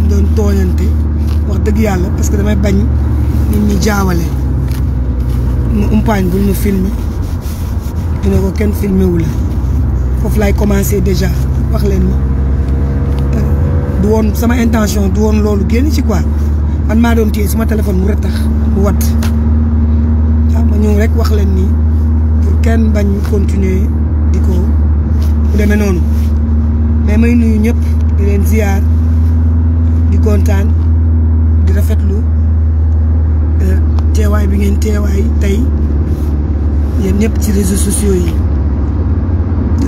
dañ doon tooñante wax dëgg yàlla parce que damay bañ nit ñi jaawale mu umpaañ bul ñu filmer dina ko kenn filmé wu la foofu laay commencé déjà wax leen ma du woon sama intention du woon loolu génn ci quoi man maa doon téye suma téléphone mu retax mu wat waaw ah, ma ñëw rek wax leen nii kenn bañ continuer di ko bu demee noonu mais may nuyu ñëpp di leen ziar. kontaan di rafetlu euh, teewaay bi ngeen teewaay tey yéen ñëpp ci réseaux sociaux yi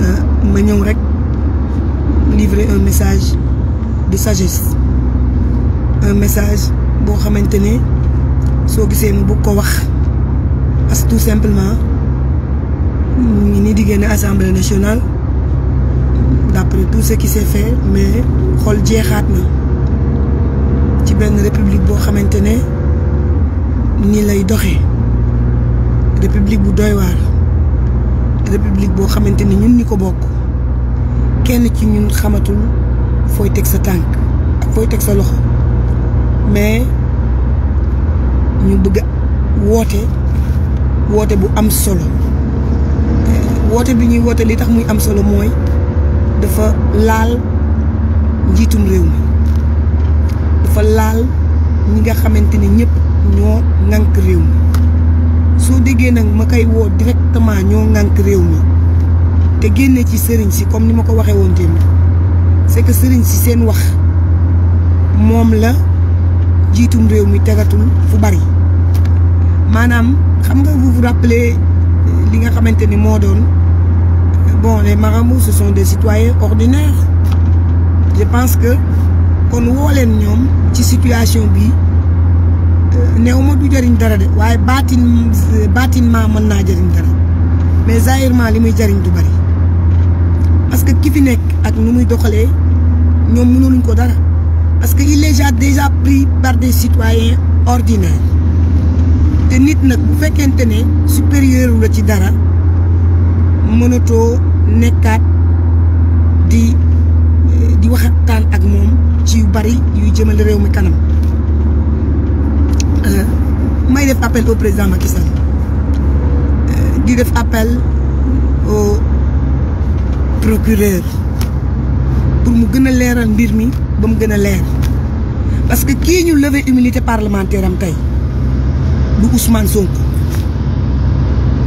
euh, ma ñëw rek livrer un message de sagesse un message boo xamante ne soo gisee mu bëgg ko wax parce tout simplement mu ngi nii di génne assemblée nationale d'après tout ce qui s'est fait mais xol jeexaat na. benn république boo xamante ne nii lay doxe république bu doy waar république boo xamante ni ñun ñi ko bokk kenn ci ñun xamatul fooy teg sa tànk ak fooy teg sa loxo mais ñu bëgg woote woote bu am solo woote bi ñuy woote li tax muy am solo mooy dafa laal njiitum réew mi dafa laal ñi nga xamante ne ñëpp ñoo ŋànk réew mi soo déggee nag ma koy woo directement ñoo ŋànk réew mi te génne ci sëriñ si comme ni ma ko waxee woon tamit c'est que sëriñ si seen wax moom la jiitum réew mi tegatul fu bari maanaam xam nga vous vous li nga xamante ni moo doon bon les marabouts ce sont des citoyens ordinaires je pense que kon woo leen ñoom. ci situation bi euh, néew ma du jëriñ dara de waaye baatin baatinement mën naa jëriñ dara mais zahirement li muy jëriñ du bari parce que ki fi nekk ak nu muy doxalee ñoom mënuluñ ko dara parce que il est déjà pris par des citoyens ordinaires te nit nag bu fekkente ne supérieur la ci dara mënatoo nekkaat di di waxtaan ak moom. ci yu bari yuy jëmale réew mi kanam euh, may def appel au président Macky Sall euh, di def appel au procureur pour mu gën a leeral mbir mi ba mu gën a leer parce que kii ñu lever immunité parlementaire am tey du Ousmane Sonko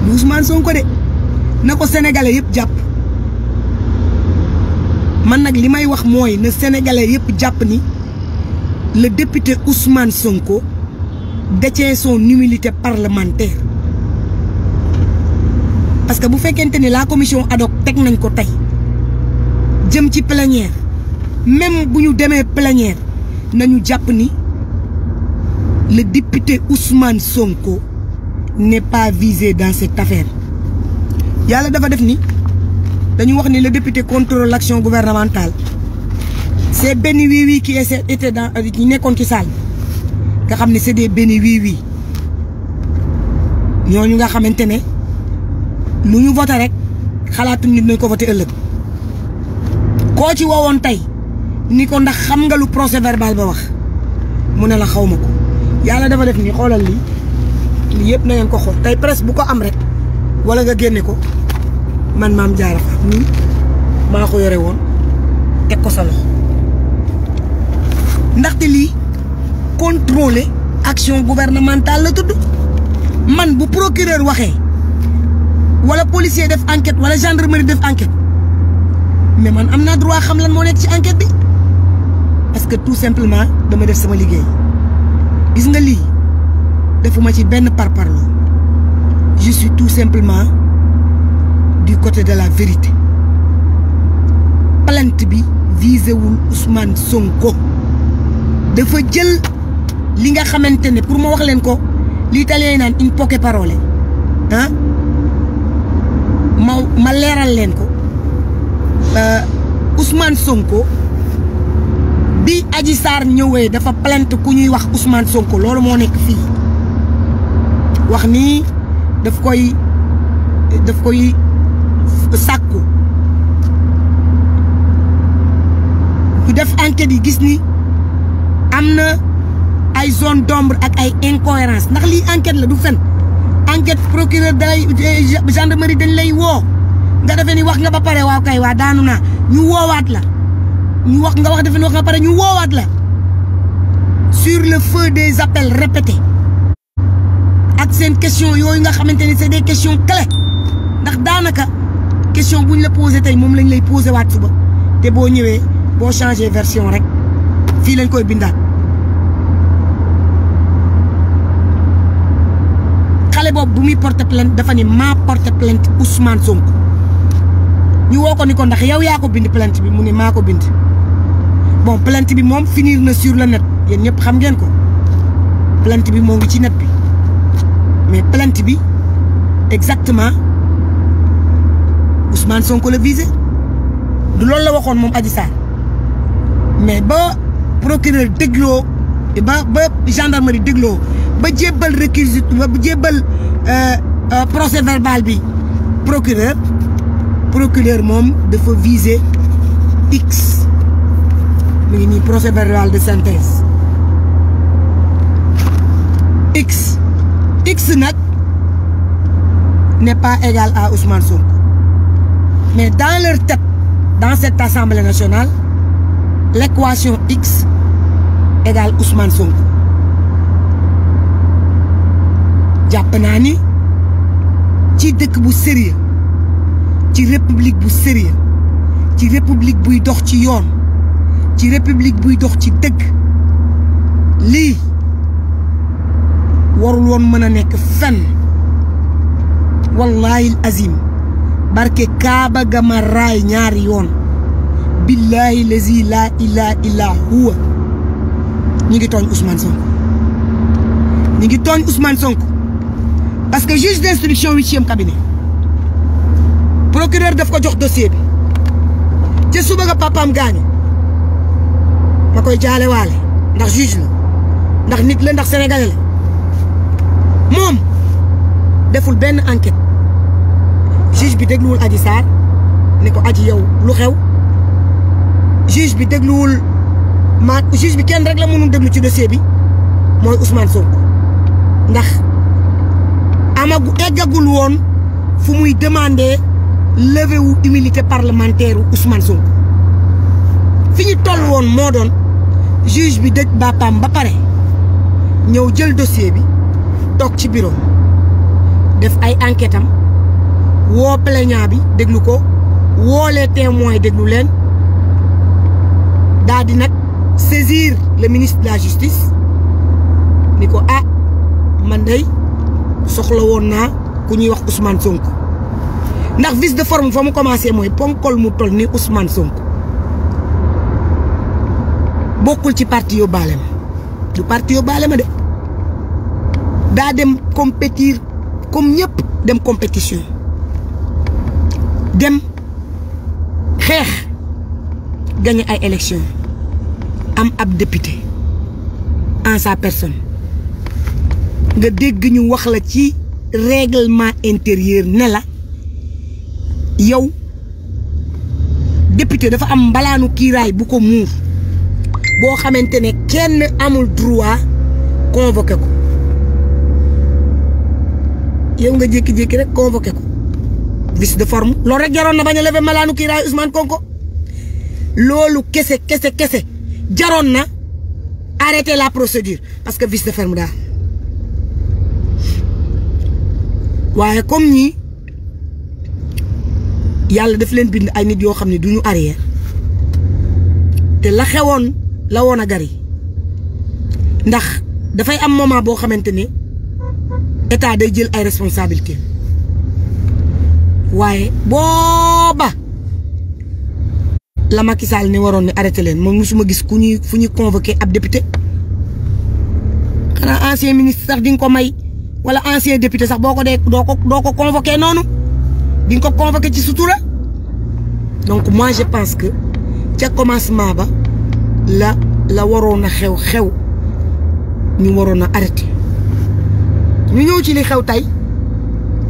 du Ousmane Sonko de na ko sénégalais yëpp jàpp. man nag li may wax mooy ne sénégalais yëpp jàpp ni le député Ousmane Sonko détient son immunité parlementaire parce que bu fekkente ni la commission ad teg nañ ko tey jëm ci plénière même bu ñu demee plénière nañu jàpp ni le député Ousmane Sonko n'est pas visé dans cette affaire yàlla dafa def ni. dañu wax ni la le député contrôle l'action gouvernementale c'est Béni oui oui qui était dans ñi euh, nekkoon ci salle nga xam ne c'est des Béni oui oui ñooñu nga xamante ne lu ñu voté rek xalaatu nit nañ ko voté ëllëg koo ci wowoon tey ni ko ndax xam nga lu procès verbal ba wax mu ne la xawma ko yàlla dafa def ni xoolal lii lii yëpp na ngeen ko xool tey presse bu ko am rek wala nga génne ko man maam jaara faam nii maa ko yore woon teg ko sa loxo ndaxte lii contrôler action gouvernementale la tudd man bu procureur waxee walla policier def enquête wala gendarmerie def enquête mais man am naa droit xam lan moo nekk ci enquête bi parce que tout simplement dama def sama liggéey gis nga lii defuma ci benn parparloo je suis tout simplement di côté de la vérité palant bi visé wul Ousmane Sonko dafa jël li nga xamante ne pour ma wax leen ko lii italien naan une poche parole ah ma ma leeral leen ko euh, Ousmane Sonko bi aji Sarr ñëwee dafa plainte ku ñuy wax Ousmane Sonko loolu moo nekk fii wax ni daf koy daf koy. sàkku ñu def enquête yi gis ni am na ay zone d'ombre ak ay incohérence ndax lii enquête la du fen enquête procureur dalay gendarmerie dañ lay woo nga defee ni wax nga ba pare waaw kay waa daanu naa ñu woowaat la ñu wax nga wax defe ni wax nga pare ñu woowaat la sur le feu de appels répétés ak seen question yooyu nga xamante ni c'est des questions clés ndax daanaka question bu ñu la posé tey moom lañ lay posé waat suba te boo ñëwee boo changé version rek fii lañ koy bindaat xale boobu bu muy porte plainte dafa ni maa porte plainte Ousmane Sonko ñu woo ko ni ko ndax yow yaa ko bind plainte bi mu ne maa ko bind bon plainte bi moom finir na sur le net yéen ñëpp xam ngeen ko plainte bi moo ngi ci net bi mais plainte bi exactement Ousmane Sonko la visé du loolu la waxoon moom aji Sarr mais ba procureur dégloo ba ba gendarmerie dégloo ba jébbal réquisition ba jébbal euh, euh, procès verbal bi procureur procureur moom dafa vise x mu ngi nii procès verbal de synthèse x x nag n'est pas égal à Ousmane Mais dans leur tête, dans cette Assemblée nationale, l'équation X égale Ousmane Sonko. jàpp naa ni ci dëkk bu sérieux ci république bu sérieux ci république buy dox ci yoon ci république buy dox ci dëgg lii warul woon mën a nekk fenn wallaahi azim barke kaaba ga ma ñaari yoon billaahi lazi laa ilaa illaa huwa ñi ngi tooñ Ousmane Sonko ñi ngi tooñ Ousmane Sonko parce que juge d'instruction huitième cabinet procureur daf ko jox dossier bi ci suba nga papaam gaañu ma koy jaale ndax juge la ndax nit la ndax sénégalais la moom deful benn enquête juge bi dégluwul aji Sarr ne ko Adji yow lu xew juge bi dégluwul ma juge bi kenn rek la mënul déglu ci dossier bi mooy Ousmane Sonko ndax amagu eggagul woon fu muy demander levée wu immunité parlementaire Ousmane Sonko fi ñu toll woon moo doon juge bi dëj bàppaam ba pare ñëw jël dossier bi toog ci bureau def ay enquête am woo plaignant bi déglu ko woo les témoins déglu leen daal di nag saisir le ministre de la ni ko ah man day soxla woon naa ku ñuy wax Ousmane Sonko ndax vice de forme fa mu commencé mooy ponkol mu toll ni Ousmane Sonko bokkul ci parti yóbbaale ma du parti yóbbaale ma de daa dem compétir comme ñëpp dem compétition dem xeex gagné ay élection am ab député en sa personne nga dégg ñu wax la ci règlement intérieur ne la yow député dafa am mbalaanu kiiraay bu ko muur boo xamante ne kenn amul droit convoqué ko yow nga jékki-jékki rek convoqué ko vice forme loolu rek jaroon na bañ a lever malaanu kiiraay Ousmane Sonko loolu kese kese kese jaroon na arrêter la procédure parce que vice de forme daa waaye comme ñii yàlla daf leen bind ay nit yoo xam ne du ñu te la xewoon la woon a gari ndax dafay am moment boo xamante ne état day jël ay responsabilité waaye booba la Macky Sall ni waroon ne arrêté leen moom musuma gis ku ñuy fu ñuy convoqué ab député xanaa ancien ministre sax di nga ko may wala ancien député sax boo ko dee doo ko doo ko convoqué noonu di nga ko convoqué ci sutura donc moi je pense que ca commencement ba la la waroon a xew xew ñu waroon na arrêté ñu ñëw ci li xew tey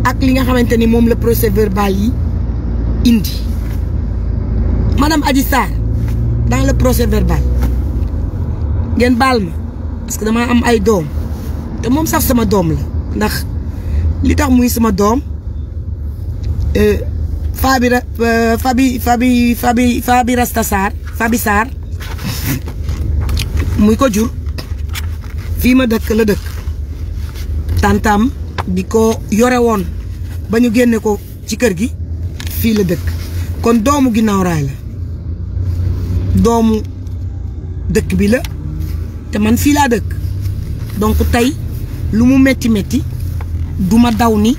ak li nga xamante ni moom la procès verbal yi indi madame Adji Sarr dans le procès verbal ngeen baal ma parce damaa am ay doom te moom sax sama doom la ndax li tax muy sama doom euh, Fabi euh, Fabi Fabi Fabi Fabi Rasta Sarr Fabi Sarr muy ko jur fii ma dëkk la dëkk tantam bi ko yore woon ba ñu génne ko ci kër gi fii la dëkk kon doomu ginnaaw raay la doomu dëkk bi la te man fii laa dëkk donc tey lu mu metti metti du daw ni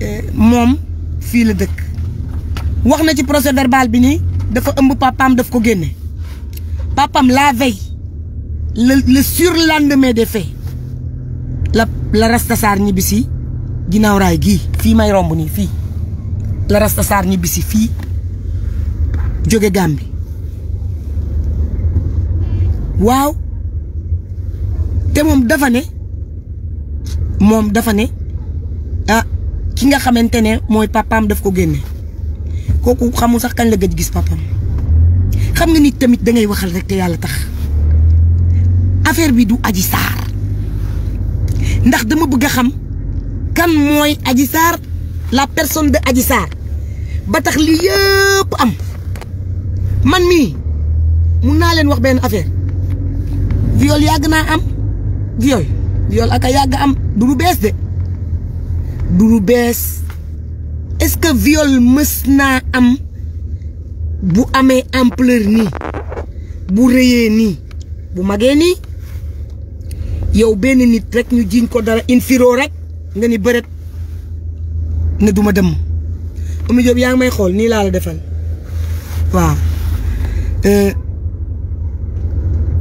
eh, moom fii la dëkk wax na ci procès verbal bi ni dafa ëmb papaam daf ko génne papaam la veille le le surlendemain de faits la rastasaar ñibbisi ginnaaw raay gii fii may romb nii fii la rastasaar ñibbisi fii jóge Gàmbi waaw te moom dafa ne moom dafa ne ah ki nga xamante ne mooy papaam daf ko génne kooku xamul sax kañ la gëj gis papaam xam nga nit tamit dangay ngay waxal rek te yàlla tax affaire bi du Adji Sarr ndax dama bëgg a xam kan mooy Adji Sarr la personne de Adji Sarr ba tax lii yëpp am man mii mun naa leen wax benn affaire viol yàgg naa am viol viol ak a yàgg am du lu bees de du lu bees est-ce que viol mës naa am bu amee ampleur nii bu rëyee nii bu magee nii yow benn nit rek ñu jiñ ko dara infiro rek nga ni bërët ne duma dem Oumy Diop yaa ngi may xool nii laa la defal waaw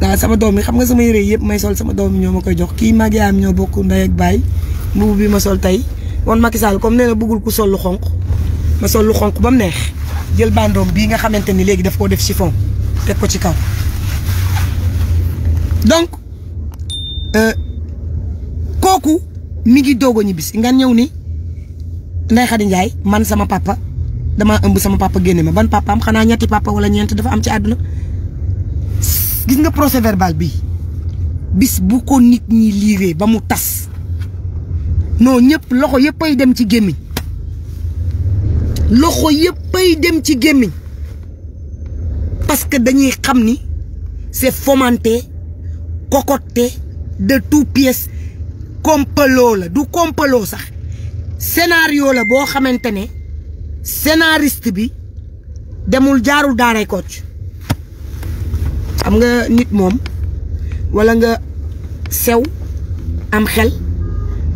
waaw euh, sama doom yi xam nga sama yére yëpp may sol sama doom yi ñoo ma koy jox kii mag yaayam ñoo bokk ndey ak baay mbubu bi ma sol tey woon Macky Sall comme nee na bëggul ku sol lu xonq ma sol lu xonq ba mu neex jël bandoom bii nga xamante ni léegi daf koo def chiffon teg ko ci kaw Euh, kooku mi ngi doog a ñibbisi nga ñëw ni Ndeye Khady man sama papa damaa ëmb sama papa génne ma ban papaam xanaa ñetti papa wala ñeent dafa am ci àdduna gis nga procès verbal bi bis bu ko nit ñi liiree ba mu tas non ñëpp loxo yëppay dem ci gémmiñ loxo yëppay dem ci gémmiñ parce que dañuy xam ni c'est fomenté cocoté de toute pièce complot la du complot sax scénario la boo xamante ne scénariste bi demul jaarul daaray Kocc xam nga nit moom wala nga sew am xel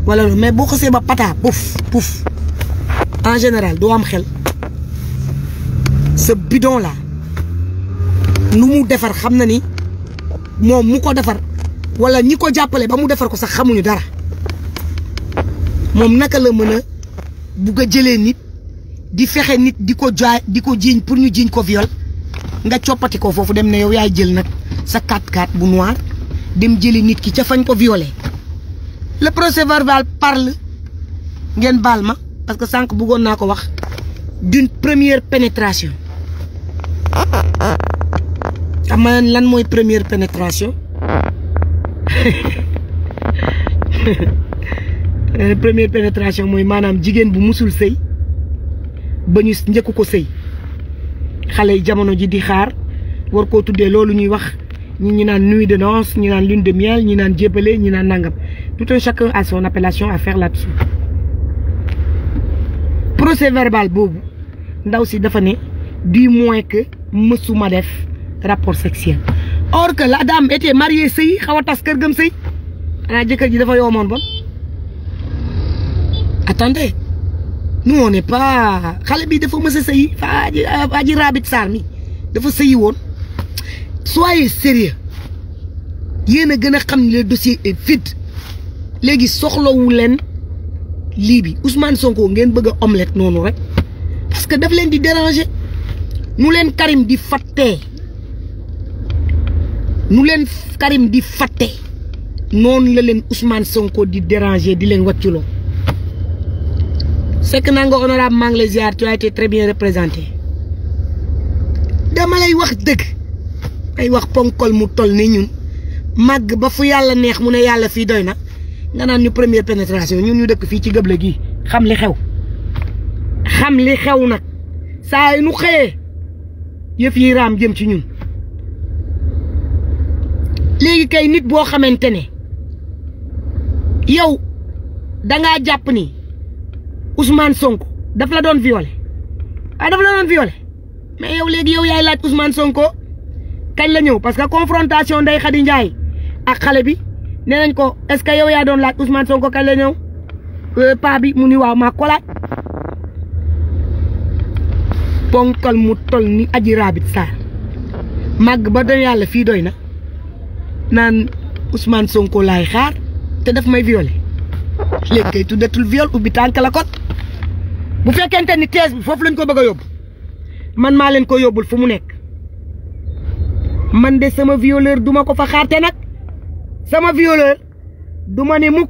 wala lu mais boo xasee ba pata pouf pouf en général doo am xel sa bidon la nu mu defar xam na ni moom mu ko defar wala ñi ko jàppale ba mu defar ko sax xamuñu dara moom naka la mën a bugg a jëlee nit di fexe nit di ko jaay di ko jiiñ pour ñu jiiñ ko viol nga coppati ko foofu dem ne yow yaay jël nag sa 4 x bu noir dem jëli nit ki ca fañ ko violé le procès verbal parle ngeen baal ma parce que sànq buggoon naa ko wax d'une première pénétration xam lan mooy première pénétration Euh, première pénétration mooy maanaam jigéen bu musul sëy ba ñu njëkku ko sëy xale yi jamono ji di xaar war koo tuddee loolu ñuy wax ñi ñu naan nuit de noces ñi naan lune de miel ñi naan jébbale ñi naan nangam tout un chacun a son appellation à faire là procès verbal boobu ndaw si dafa ne du moins que mësuma def rapport sexuel or que la dame était sëy xaw a tas kër gëm sëy xanaa jëkkër ji dafa yoomoon bon attendez nous on n'est xale bi dafa mës a sëyi aji raabit saar mi dafa sëyi woon soyez sérieux yéen a gën a xam ne le dossier est léegi soxlawu leen lii bi Ousmane Sonko ngeen bëgg a omelette noonu rek parce que daf leen di déranger nu leen Karim di fattee nu leen Karim di fàtte noonu la leen Ousmane Sonko di déranger di leen wàcculoo sekk naa nga honorable maa ngi lay ziar tu as été très bien représenté dama lay wax dëgg ay wax ponkol mu toll ni ñun màgg ba fu yàlla neex mu ne yàlla fii doy na nga naan ñu première pénétration ñun ñu dëkk fii ci gëble gi xam li xew xam li xew nag saa yu nu xëyee yëf yi raam jëm ci ñun léegi kay nit boo xamante ne yow dangaa jàpp ni Ousmane Sonko daf la doon violé ah daf la doon violé mais yow léegi yow yaay laaj Ousmane Sonko kañ la ñëw parce que confrontation Ndeye Khady Ndiaye ak xale bi nee nañ ko est-ce que yow yaa doon laaj Ousmane Sonko kañ la ñëw euh, paa bi mu ni waaw maa ko laaj mu tol ni aji raabit saar màgg ba doon yàlla fii doy na naan Ousmane Sonko laay xaar te daf may violé léegi kay tuddatul viol ubbi tànk la kot bu fekkente ni thèse bi foofu lañ ko bëgg a yóbbu man maa leen ko yóbbul fu mu nekk man de sama violeur duma ko fa xaarte nag sama violeur duma ne mukk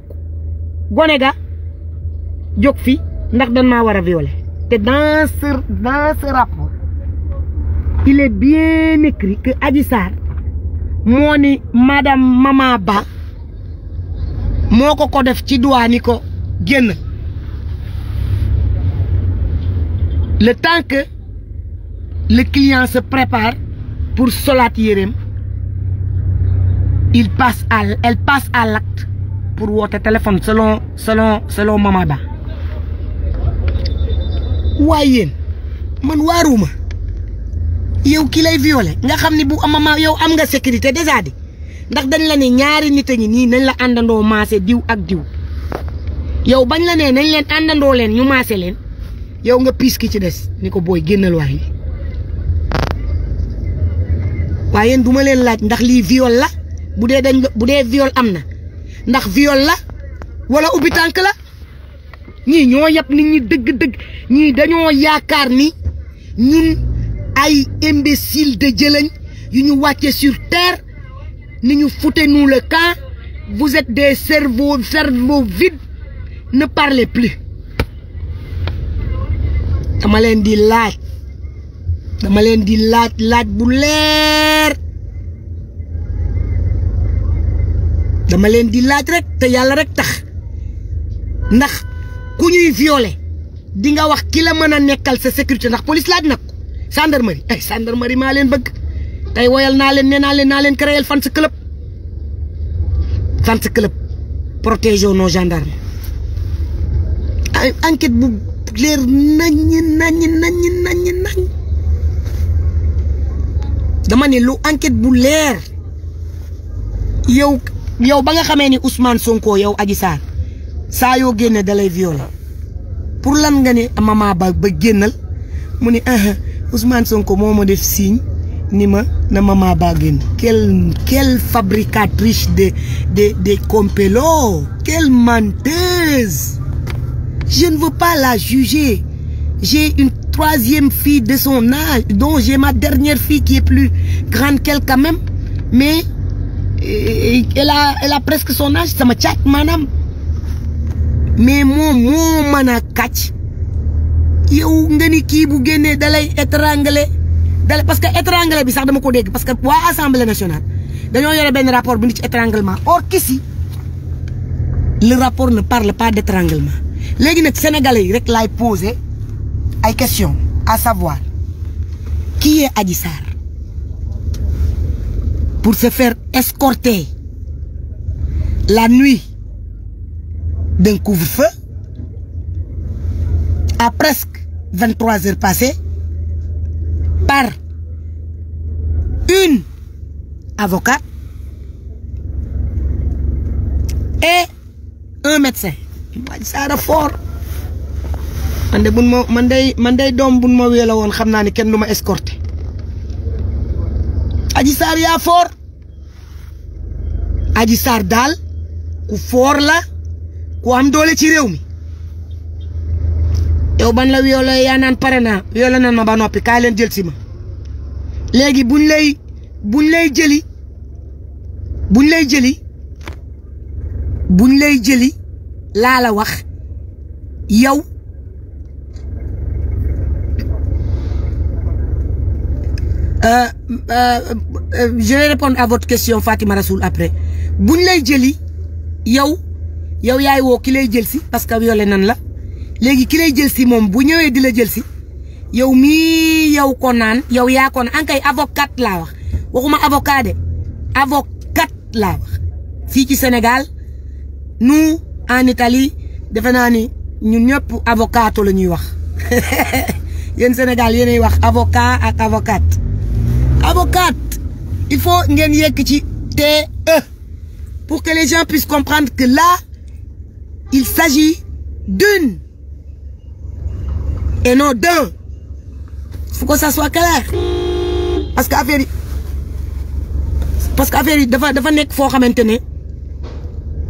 gone ga jóg fi ndax dan maa war a violer te dans ce dans il est bien écrit que Adji Sarr moo ni madame moo ko ko def ci doigt ko génn le temps que le client se prépare pour solaat yéreem il passe à elle passe à l'acte pour woote téléphone selon selon selon Mama Ba yow kii lay violé nga xam ni bu amama yow am nga sécurité déjà di ndax dañ la ne ñaari nit a ñi nii nañ la àndandoo maase diw ak diw yow bañ la ne nañ leen àndandoo leen ñu maase leen yow nga piis ki ci des ni ko booy génnal waay waaye yéen du leen laaj ndax lii viol la bu dee dañ bu dee viol am na ndax viol la wala ubbi tànk la ñii ñoo yab nit ñi dëgg-dëgg ñii dañoo yaakaar ni ñun. ay imbécile de jëlañ yu ñu wàcce sur terre ni ñu foutez nous le camp vous êtes des cerveaux cerveaux vides ne parlez plus dama leen di laaj dama leen di laaj laaj bu leer dama leen di laaj rek te yàlla rek tax ndax ku ñuy violé di nga wax ki la mën a nekkal sa sécurité ndax police laaj na gendarmerie ay gendarmerie maa leen bëgg tey woyal naa leen nee naa leen naa leen créer fan sa club fan sa club protégeons nos gendarmes enquête bu leer naññi naññi naññi nañ dama ne lu enquête bu leer yow yow ba nga xamee ni Ousmane Sonko yow Adji saa yoo génne dalay violé pour lan nga ne mama ba ba génnal mu ne uh-huh. Ousmane Sonko moo ma def signe ni ma na maman baa génn quelle quelle fabricatrice de de de complots quelle menteuse je ne veux pas la juger de son âge dont ma dernière fille qui est plus grande qu'elle quand même mais elle a elle a presque son âge sama caat maanaam mais moom moo mën a yow nga i kii bu génnee dalay étrangler dalay parce que étrangler bi sax dama ko dégg parce que waa assemblée nationale dañoo yore benn rapport bu ni ci étranglement or qu'ici le rapport ne parle pas d'étranglement léegi nag sénégalais yi rek lay poser ay questions à savoir kii est Adji Sarr pour se faire escorter la nuit d'un couvre-feu 23 heures passées par une avocate et un médecin. waaj saara fort man de bun ma man day doom bun ma weela woon xam naa ni kenn du ma escorté aji saar yaa fort aji saar daal ku foor la ku am doole ci réew mi yow ban la violé yaa naan pare naa violé nan ma ba noppi kaay leen jël si ma léegi buñ lay buñ lay jëli buñ lay jëli buñ lay jëli laa la wax yow euh, euh, je vais répondre à votre question Fatima Rasoul après buñ lay jëli yow yow yaay woo ki lay jël si parce que violé nan la léegi kile lay si moom bu ñëwee di la jël si yow mii yow ko naan yow yaa ko naan ankay avocat laa wax waxuma avocat de avocat wax fii ci Sénégal nous en Italie defe naa ni ñun ñëpp avocato la ñuy wax yéen Sénégal yéenay wax avocat ak avocat avocat il faut ngeen yekk ci te e pour que les gens puissent comprendre que là il s'agit d'une et non deux faut que ça soit clair parce que affaire yi parce que affaire yi dafa dafa nekk foo xamante ne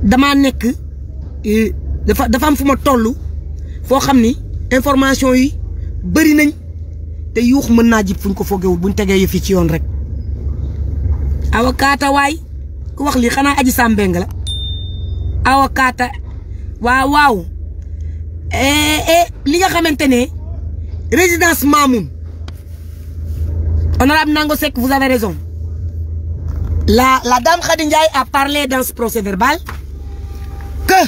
damaa nekk dafa dafa am fu ma toll foo xam ni information yi bëri nañ te yuux mën naa jib fuñ ko foogewul buñ tegee yëf ci yoon rek awakaata waay ku wax lii xanaa aji sàmbeng la awakaata waaw waaw eh, eh, li nga xamante ne résidence Mamoun honorable Nango Seck vous avez raison la la dame Khady Ndiaye a parlé dans ce procès verbal que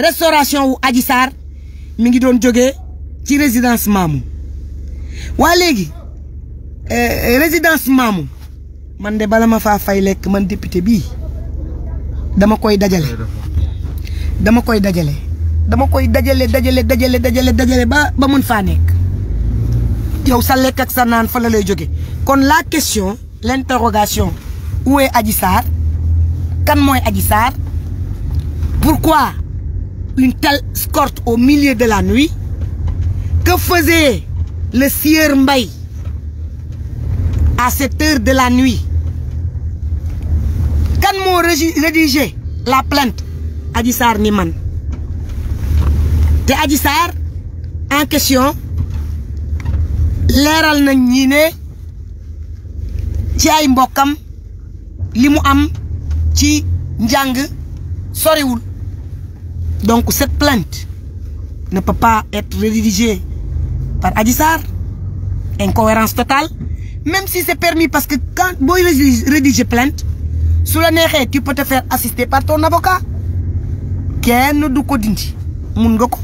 wu Adji Sarr mu ngi doon jóge ci résidence Mamoun waa léegi eh, résidence Mamoun man de bala ma faa fay lekk man député bii dama koy dajale dama koy dajale dama koy dajale dajale dajale dajale dajale ba ba mën faa nekk yow sa lekk ak sa naan fa la lay jóge kon la question l'interrogation où est Adji kan mooy Adji Sarr pourquoi une telle escorte au milieu de la nuit que faisait à cette de la nuit kan moo rédigé la plainte Adji Sarr ni man te Adji Sarr en question leeral nañ ñi ne ci ay mbokkam li mu am ci njàng sorewul donc cette plainte ne peut pas rédigée par aji Sarr incohérence totale même si c'est permis parce que quand booy rédiger su la neexee tu peux te faire assister par ton avocat kenn du ko dindi mun nga ko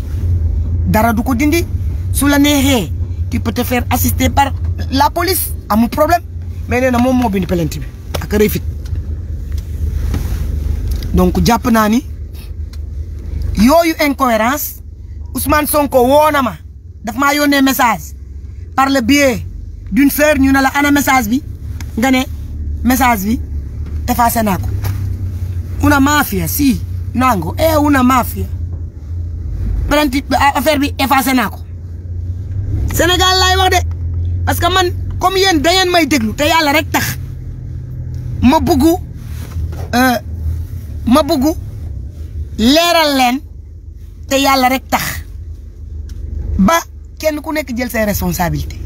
dara du ko dindi su la neexee tu peux te faire assister par la police amul problème mais nee na moom moo bind plainte bi ak rëy fit donc jàpp naa ni yooyu incohérence Ousmane Sonko woo na ma daf maa yónnee message par le biais d'une fer ñu ne la ana message bi nga ne message bi effacé naa ko una mafia si nango e una mafia plainte affaire bi effacé naa ko Sénégal laay wax de parce que man comme yéen da ngeen may déglu te yàlla rek tax ma bëgg euh, ma bëgg leeral leen te yàlla rek tax ba kenn ku nekk jël say responsabilité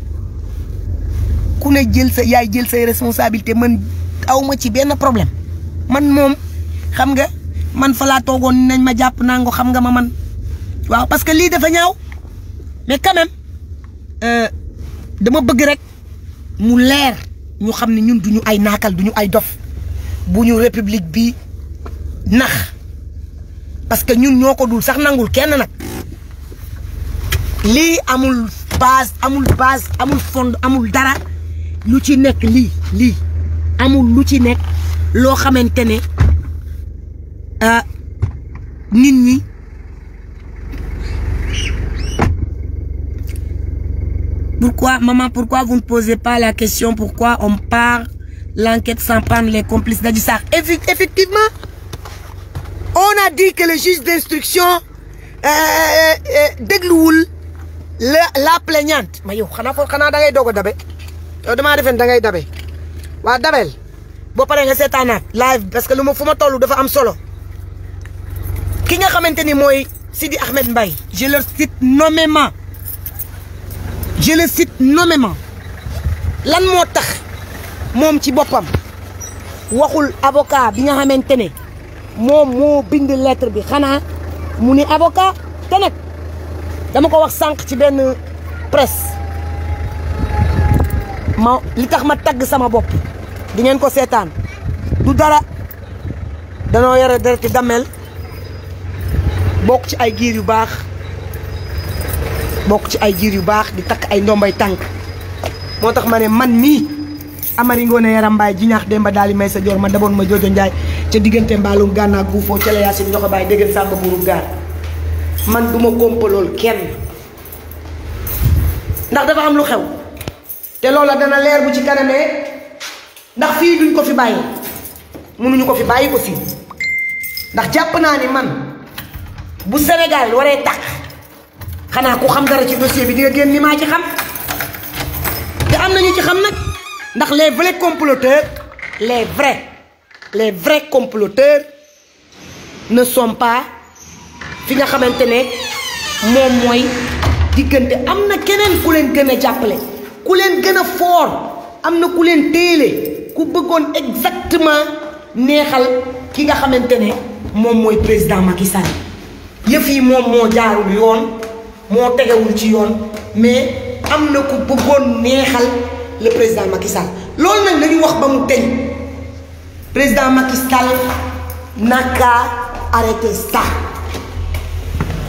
ku ne jël sa yaay jël say responsabilité man aw ma ci benn problème man moom xam nga man fa laa toogoon nañ ma jàpp nango xam nga ma man waaw parce que lii dafa ñaaw mais quand Euh, dama bëgg rek mu leer ñu xam ne ñun duñu ay naakal duñu ay dof bu ñu république bi nax parce que ñun ñoo ko dul sax nangul kenn nag lii amul base amul base amul fond amul dara lu ci nekk lii lii amul lu ci nekk loo xamante ne euh, nit ñi Pourquoi, maman, pourquoi vous ne posez pas la question pourquoi on part l'enquête sans prendre les complices d'Adissar Effectivement, on a dit que le juge d'instruction euh, euh, euh dégluwul la la plaignante. ma yow xanaa foofu xanaa da ngay doog dabe yow damaa defoon da ngay dabe waa dabel boo paree nga seetaanaat live parce que lu ma fu ma toll dafa am solo ki nga xamante ni mooy Sidi Ahmed Mbaye je leur cite je le cite lan moo tax moom ci boppam waxul avocat bi nga xamante ne moom moo bind lettre bi xanaa mu ni avocat te nag dama ko wax sànq ci benn presse ma li tax ma tagg sama bopp di ngeen ko seetaan du dara danoo yore dereti damel bokk ci ay giir yu baax bokk ci ay jiir yu baax di takk ay ndombay tànk moo tax ma ne man mii Amari Ngoone Yaram Mbaay Jiñaax Demba daal di may sa joor ma daboon ma joojo Njaay ca diggante mbaalum gànnaa guufoo ca la yaasin joxe baay dégg sàmba buuru gaar man du ma kompalool kenn ndax dafa am lu xew te loola dana leer bu ci kanamee ndax fii duñ ko fi bàyyi mënuñu ko fi bàyyi aussi ndax jàpp naa ni man bu Sénégal waree takk xanaa ku xam dara ci dossier bi di nga génn ni maa ci xam te am nañu ci xam nag ndax les vrais comploteurs les vrais les vrais comploteurs ne sont pas fi nga xamante ne moom mooy diggante am na keneen ku leen gën a jàppale ku leen gën a foor am na ku leen téele ku bëggoon exactement neexal ki nga xamante ne moom mooy président Macky yëf yi moom moo jaarul yoon moo tegewul ci yoon mais am na ku bëggoon neexal le président Macky Sall loolu nag lañu wax ba mu teñ président Macky Sall n'a qu'à arrêter ça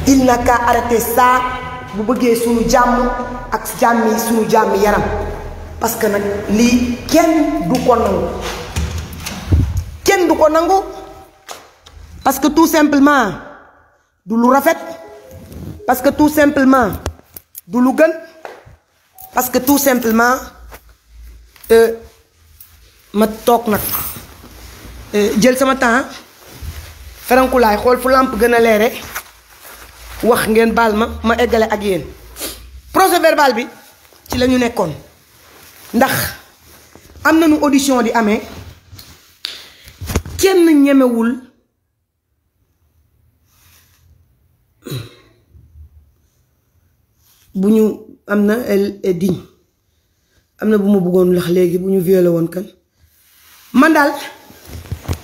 il n'a qu'à arrêter ça bu bëggee suñu jàmm ak jàmmi suñu jàmmi yaram parce que nag lii kenn du ko nangu kenn du ko nangu parce que tout simplement du lu rafet parce que tout simplement du lu gën parce que tout simplement euh, ma toog nag euh, jël sama temps ferankulaay xool fu làmp gën a leere wax ngeen baal ma ma eggale ak yéen procès verbal bi ci la ñu nekkoon ndax am nañu audition di amee kenn ñemewul bu ñu am na diñ am na bu ma bëggoon lax léegi bu ñu violé woon kan man daal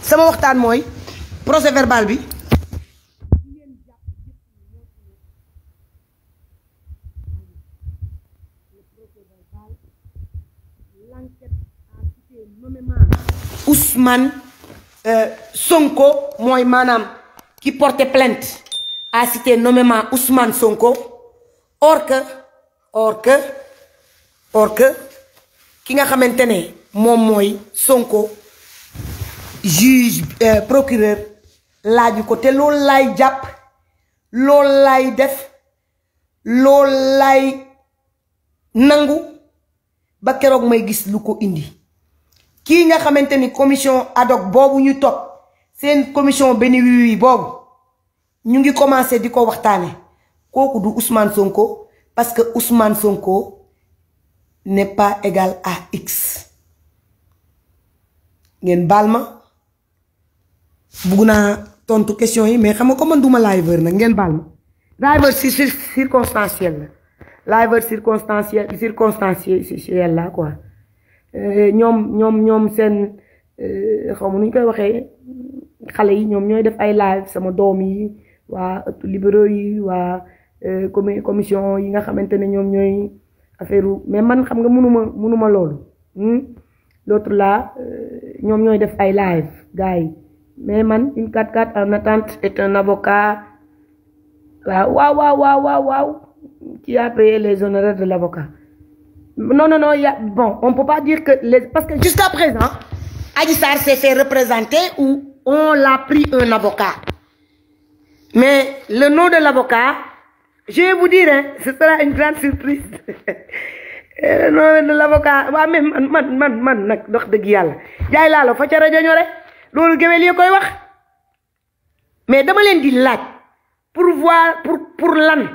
sama waxtaan mooy procès verbal bi Ousmane euh, Sonko mooy maanaam qui porte plaint a cité nommément Sonko or que or que or que ki nga xamante ne moom mooy Sonko juge euh, procureur laaju ko te lool laay jàpp lool laay def lool lay nangu ba keroog may gis lu ko indi kii nga xamante ni commission ad hoc boobu ñu topp seen commission benn wii boobu ñu ngi commencé di ko waxtaane kooku du Ousmane Sonko parce que Ousmane Sonko n'est pas égal à X ngeen baal ma bugg naa tontu question yi mais xam nga ko man duma liveur nag ngeen baal ma liveur si circonstanciel la liveur circonstanciel circonstanciel la quoi euh, ñoom ñoom ñoom seen euh, xaw ma nu ñu koy waxee xale yi ñoom ñooy def ay live sama doom yi waa libéraux yi waa Euh, commi commission yi nga xamante ne ñoom ñooy affaire mais man xam nga mënuma mënuma loolu hmm? l'autre la euh, ñoom ñooy def ay live gars yi mais man une 4 x en attente est un avocat waaw waaw waaw waaw waaw qui a payé les honoraires de l'avocat non non non y bon on peut pas dire que parce que jusqu'à présent Adji Sarr s'est fait représenter ou on l'a pris un avocat mais le nom de l'avocat je vais vous dire hein ce une grande surprise eh, non man man man nag dox dëgg yàlla jaay laalo la fa ca rajo ñore loolu géwél yi koy wax mais dama leen di laaj pour voir pour pour lan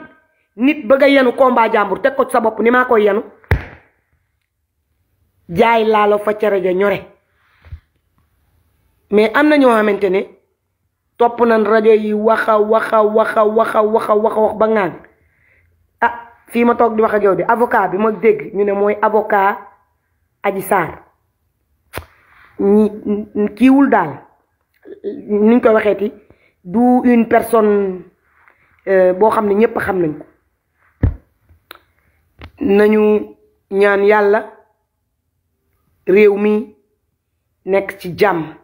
nit bëgg a yenu combat jàmbur teg ko sa bopp ni maa koy yenu jaay laa la fa ca rajo ñore mais am na ñoo xamante ne topp na rajoy yi waxa waxa waxa waxa waxa waxa wax ba ŋaan ah fii ma toog di wax ak yow bi avocat bi ma dégg ñu ne mooy avocat Adji Sarr ñi kiiwul daal ni ñu koy waxeeti du une personne euh, boo xam ne ñépp xam nañ ko nañu ñaan yàlla réew mi nekk ci jàmm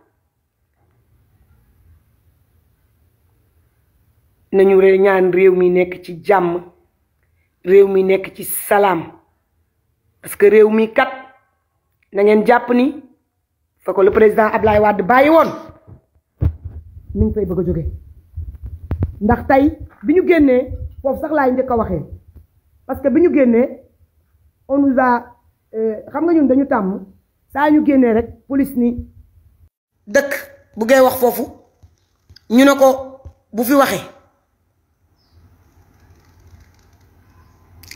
nañu ñaan réew mi nekk ci jàmm réew mi nekk ci salaam parce que réew mi kat na ngeen jàpp ni fa ko le président Ablaye Wade bàyyi woon mi ngi fay bëgg a jóge ndax tey bi ñu génnee foofu sax laay njëkk a waxee parce que bi ñu génnee on nous a euh, xam nga ñun dañu tàmm saa ñu génnee rek police ni dëkk bu ngay wax foofu ñu ne ko bu fi waxee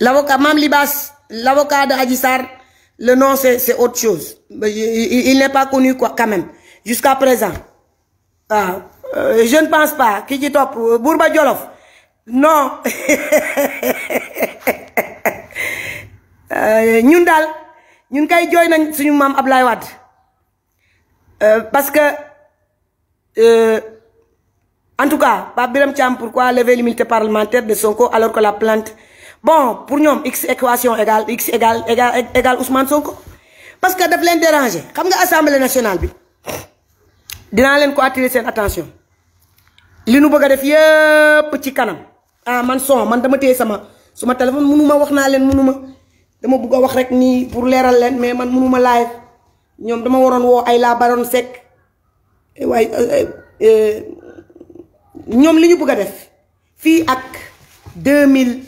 L'avocat, Mam Libas, l'avocat de Hadissar, le nom c'est autre chose. Il, n'est pas connu quoi, même, jusqu'à présent. Ah, euh, je ne pense pas. Qui dit top Bourba Non. Euh, ñun daal ñun kay jooy nañ suñu maam Ablaye Wade euh, parce que euh, en tout cas Pape Birame Thiam pourquoi lever l'immunité parlementaire de Sonko alors que la plainte bon pour ñoom x équation égale x égale égale égale Ousmane Sonko parce que daf leen déranger xam nga assemblée nationale bi dinaa leen ko attirer seen attention li nu bëgg a def yëpp ci kanam ah man son man dama téye sama suma téléphone mënuma wax naa leen mënuma dama bugg a wax rek nii pour leeral leen mais man mënuma laay ñoom dama waroon woo ay laa baroon sekk eh, waaye eh, eh, ñoom li ñu bëgg a def fii ak deux mille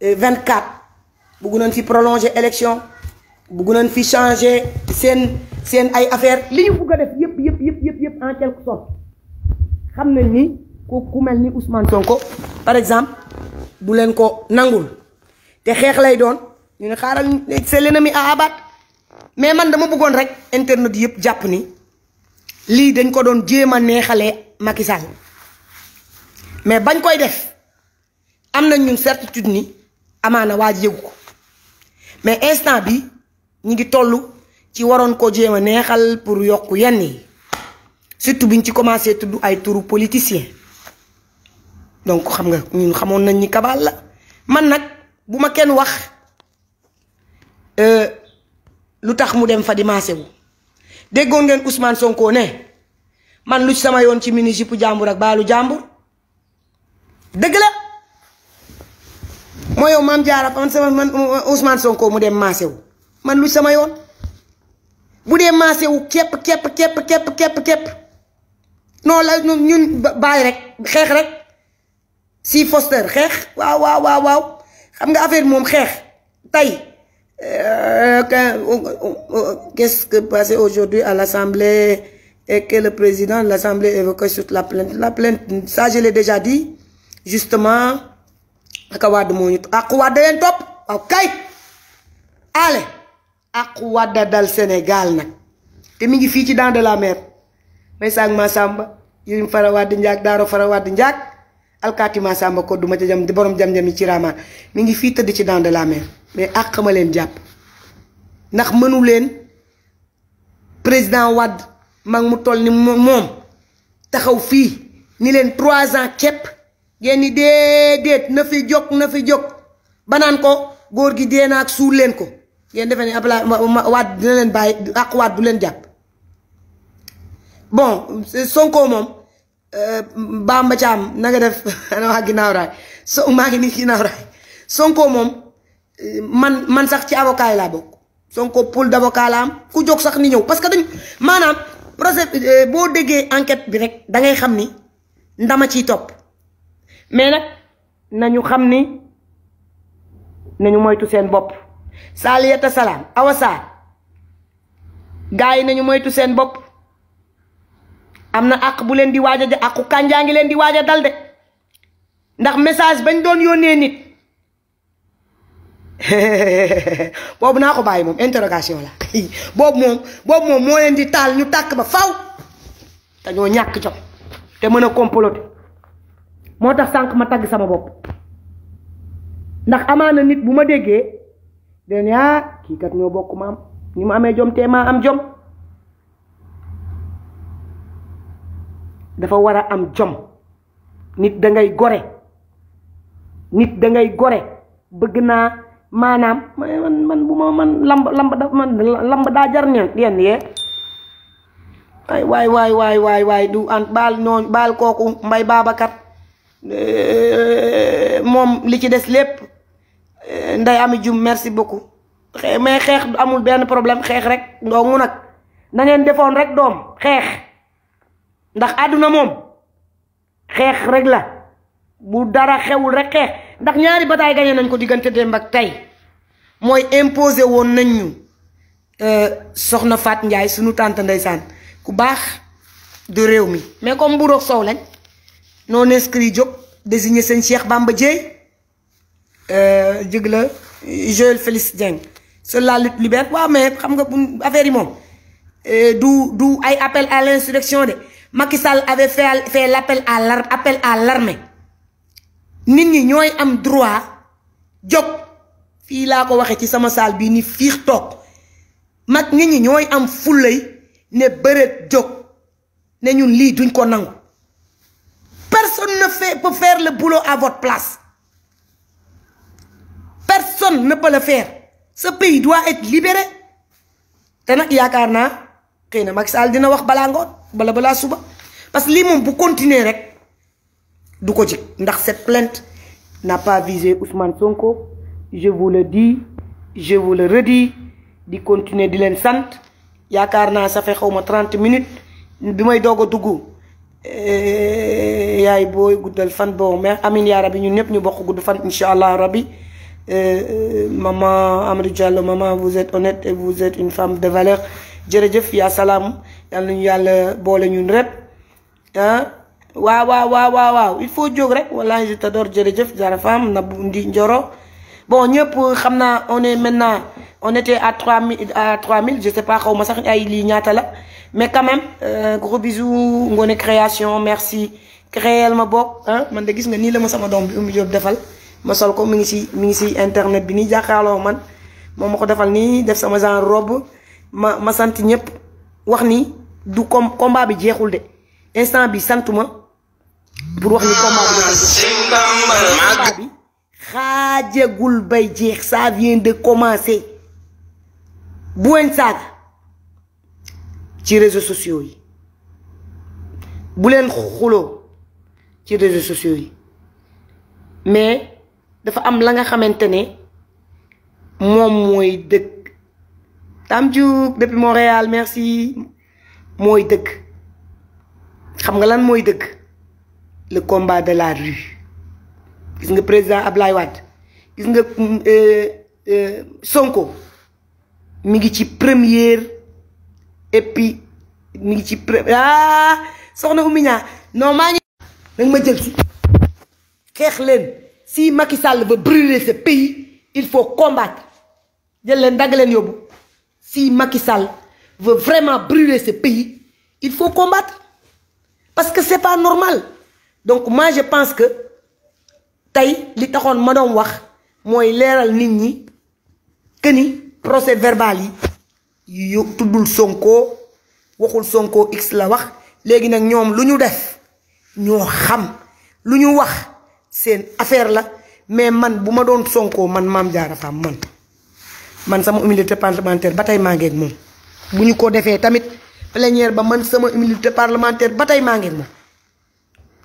vingt 24 bugg nañ fi prolonger élection bugg nañ fi changer seen seen ay affaire li ñu bugg def yëpp yëpp yëpp yëpp yëpp en quelque sorte xam nañ ni ku ku mel ni Ousmane tonko par exemple bu leen ko nangul te xeex lay doon ñu ne xaaral c'est l'ennemi à abattre mais man dama buggoon rek internet yëpp jàpp ni lii dañ ko doon jéem a neexalee Macky Sall mais bañ koy def am nañ ñun certitude ni. amaana waa ji yëgu ko mais instant bi ñu ngi tollu ci waroon ko jéem a neexal pour yokk yenn yi surtout biñ ci commencé tudd ay tour politicien donc xam nga ñu xamoon nañ ni kabal la man nag bu ma kenn wax euh, lu tax mu dem fa di wu déggoon ngeen Ousmane Sonko ne man lu sama yoon ci municipe jàmbur ak baalu jàmbur dëgg la. moo yow maam jaara man sama man Ousmane Sonko mu dem maase wu man lu sama yoon bu dee maase wu képp képp képp képp képp képp non la ñun bàyyi rek xeex rek si Foster xeex waaw waaw waaw waaw xam nga affaire moom xeex tey euh, euh, euh, qu'est-ce que passé aujourd'hui à l'Assemblée et que l président de l'Assemblée évoquait sur la plainte la plainte ça je l'ai déjà dit justement aka wadd moo ñu àqu wadd leen topp waaw kay ale àqu wadd dal Sénégal nag te mi ngi fii ci dent de la mer may saag ma sàmba yirim fara wadd njaag daaro fara wadd njaag alkaati ma sàmba ko duma ca jam borom jam-jam yi ci ramaan mi ngi fii tëdd ci dent de la mer mais àq ma leen jàpp ndax mënu leen président wadd mag mu toll ni moom taxaw fii ni leen trois ans képp ngeen ni déedéet na fi jóg na fi jóg ba ko góor gi dee na ak suul leen ko ngeen defee ne Ablaye waat dina leen bàyyi ak waat du leen jàpp bon Sonko moom euh, Bamba Thiam na nga def ana waa ginnaaw raay so maa ngi nii ginnaaw raay Sonko moom euh, man man sax ci avocat yi laa bokk Sonko pool d'avocat la am ku jóg sax ni ñëw parce que dañ maanaam procès euh, boo déggee enquête bi rek da ngay xam ni ndama ciy topp. mais nag nañu xam ni nañu moytu seen bopp saaliyata salaam awa saar gars yi nañu moytu seen bopp am na ak bu leen di waaj a àqu kànjaa ngi leen di waaj a dal de ndax message bañ doon yónnee nit boobu naa ko bàyyi moom interrogation la boobu moom boobu moom moo leen di taal ñu tàkk ba faw dañoo ñàkk jot te mën a comploter moo tax sànq ma tagg sama bopp ndax na nit bu ma déggee dinañ ah kii kat ñoo bokk maam ni ma amee jom te maa am jom dafa war a am jom nit dangay gore nit dangay gore bëgg naa maanaam man man bu ma man lamb lamb man lamb daa jar ne yenn yee waay waay waay waay waay du an baal nooñ baal kooku mbay baabakat Euh, moom li ci des lépp euh, nday ami jum merci beaucoup mais xeex amul benn problème xeex rek ndoomu nag nangeen ngeen defoon rek doom xeex ndax àdduna moom xeex rek la bu dara xewul rek xeex ndax ñaari bataay gañe nañ ko diggante démb ak tey mooy imposé woon nañ ñu euh, soxna Faat Njaay suñu tànt ndeysaan ku baax du réew mi mais comme buroog soow lañ non inscrit jóg désigné sëñ Cheikh Bamba Dièye euh, jëg la Joël Félix Dieng sur la lutte libère waaw mais xam nga bu affaire yi moom euh, du du ay appel à l'insurrection de Macky Sall avait fait fait l'appel à l'appel à nit ñi ñooy am droit jóg fii laa ko waxee ci sama saal bii ni fiix toog mag nit ñi ñooy am fullay ne bëreet jóg ne ñun lii duñ ko nangu ne fait, peut faire le boulot place. Personne ne peut le sa Ce pays doit être libéré. te nag yaakaar naa xëy na Macky Sall dina wax balaa ngoon bala balaa suba parce que lii moom bu continuer rek du ko jig ndax cette plainte n'a pas visé Ousmane Sonko je vous le dis je vous le redis di continuer di leen sant yaakaar naa ça fait xaw ma 30 minutes bi may doog a dugg. Eh, yaay booy guddal fan boo meex amin yaa rabbi ñun ñëpp ñu bokk gudd fan incha allah rabbi eh, eh, maman Amadou Diallo maman vous êtes honnête et vous êtes une femme de valeur jërëjëf yaa salaam yàlla nañu yàlla boole ñun rek ah waaw il faut jóg rek wallaahi je t'adore jërëjëf jara na ndi njoro bon ñëpp xam naa on est maintenant. on était à 3000 à 3000 je sais pas xaw ma sax ay lii ñaata la mais quand même euh, gros bisou Ngoné création merci créel ma bokk ah man de gis nga nii la ma sama doom bi Oumy Diop defal ma sol ko mi ngi si mi ngi si internet bi nii jàkkaarloo man moom ma ko defal nii def sama genre robe ma ma sant ñëpp wax ni du com bi jeexul de instant bi sant ma pour wax ni combat bi xaajagul bay jeex ça vient de commencer. bu leen saaga ci réseaux sociaux yi bu leen xuloo ci réseaux sociaux yi mais dafa am la nga xamante ne moom mooy dëgg Tam Diouk depuis Montréal merci mooy dëgg xam nga lan mooy dëgg le combat de la rue gis nga président Ablaye Wade gis nga euh, euh, Sonko mi ngi ci première épi mi ngi ci première ah soxna Oumy Niang non maa ngi. nag ma jël si xeex leen si Macky Sall ba brûler ce pays il faut combattre jël leen dagg leen yóbbu si Macky Sall veut vraiment brûler ce pays il faut combattre parce que c'est pas normal donc moi je pense que tey li taxoon ma doon wax mooy leeral nit ñi que ni. procès verbal yi yu tuddul Sonko waxul Sonko x la wax léegi nag ñoom lu ñu def ñoo xam lu ñu wax seen affaire la mais man bu ma doon Sonko man maam Diarra Fam man man sama immunité parlementaire ba tey maa ngi bu ñu ko defee tamit plénière ba man sama immunité parlementaire ba tey maa ngi moom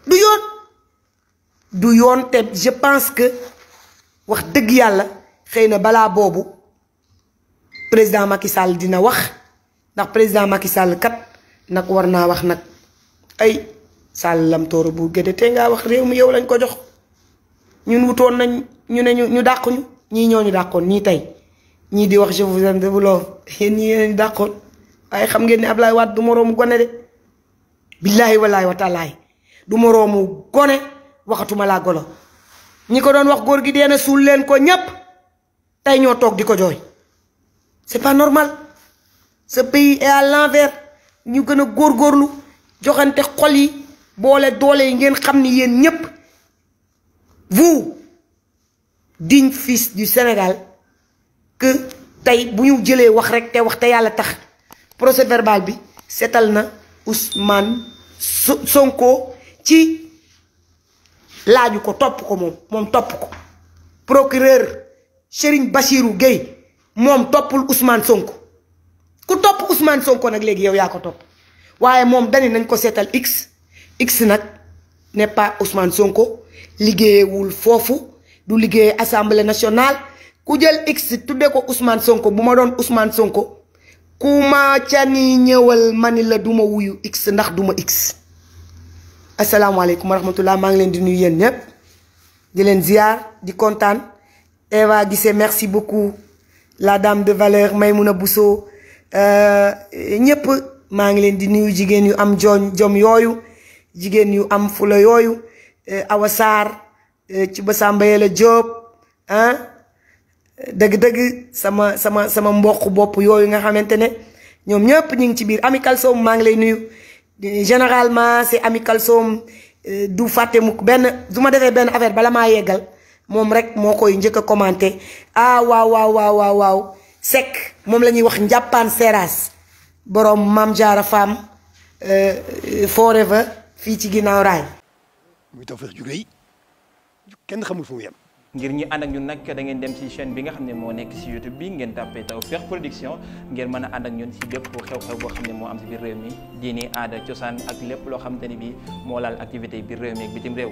du yoon du yoon te je pense que wax dëgg yàlla xëy na balaa boobu président Macky Sall dina wax ndax président Macky Sall kat nag war naa wax nag ay Sall lam tooro bu gëdde te ngaa wax réew mi yow lañ ko jox ñun wutoon nañ ñu ne ñu dàq ñu ñii ñoo ñu dàqoon nii tey ñii di wax je vous aime vous love yéen dàqoon waaye xam ngeen ne Ablaye waat du moroomu gone de billaahi wallaahi wa taalaay du moroomu gone waxatuma laa golo ñi ko doon wax góor gi dee na suul leen ko ñépp tey ñoo toog di ko jooy c'est pas normal ce pays est à l'envers ñu gën a góorlu joxante xol yi boole doole yi ngeen xam ni yéen ñépp vous digne fils du Sénégal que tey bu ñu jëlee wax rek te wax te yàlla tax procès verbal bi seetal na Ousmane Sonko ci laaju ko topp ko moom moom topp ko procureur Serigne basiiru Gueye moom toppul Ousmane Sonko ku topp Ousmane Sonko nag léegi yow yaa ko topp waaye moom dani nañ ko seetal x x nag n'est pas Sonko liggéeyewul foofu du liggéeye assemblée nationale ku jël x tudde ko Ousmane Sonko bu ma doon Ousmane Sonko ku ma ca ni ñëwal ma ni la du ma wuyu x ndax du ma x asalaamaaleykum wa rahmatullah maa ngi leen di nuyu yéen ñëpp di leen ziar di kontaan Eva Guissé merci beaucoup. la dame de valeur may Maimouna Bousso euh, ñëpp maa ngi leen di nuyu jigéen yu am joom jom yooyu jigéen yu am fula yooyu euh, Awa euh, ci ba Sambayela Diop ah dëgg-dëgg sama sama sama mboq bopp yooyu nga xamante ne ñoom ñëpp ñu ngi ci biir Ami Kalsom maa ngi lay nuyu généralement c'est Ami Kalsom du fàtte mukk benn du ma defee benn affaire bala maa yeggal. moom rek moo koy njëkk a commenté ah waaw waaw waaw waaw Seck moom la ñuy wax njàppaan seeraas boroom Maam Jaara Faam euh, forever fii ci ginnaaw raay muy Tawfekh ju rëy kenn xamul fu mu yem ngir ñi ànd ak ñun nag da ngeen dem ci chain bi nga xam ne moo nekk ci YouTube bi ngeen tàppee Tawfekh Production ngeen mën a ànd ak ñun ci bépp xew-xew boo xam ne moo am ci biir réew mi diini aada cosaan ak lépp loo xamante ni bi moo laal activité biir réew mi ak bitim réew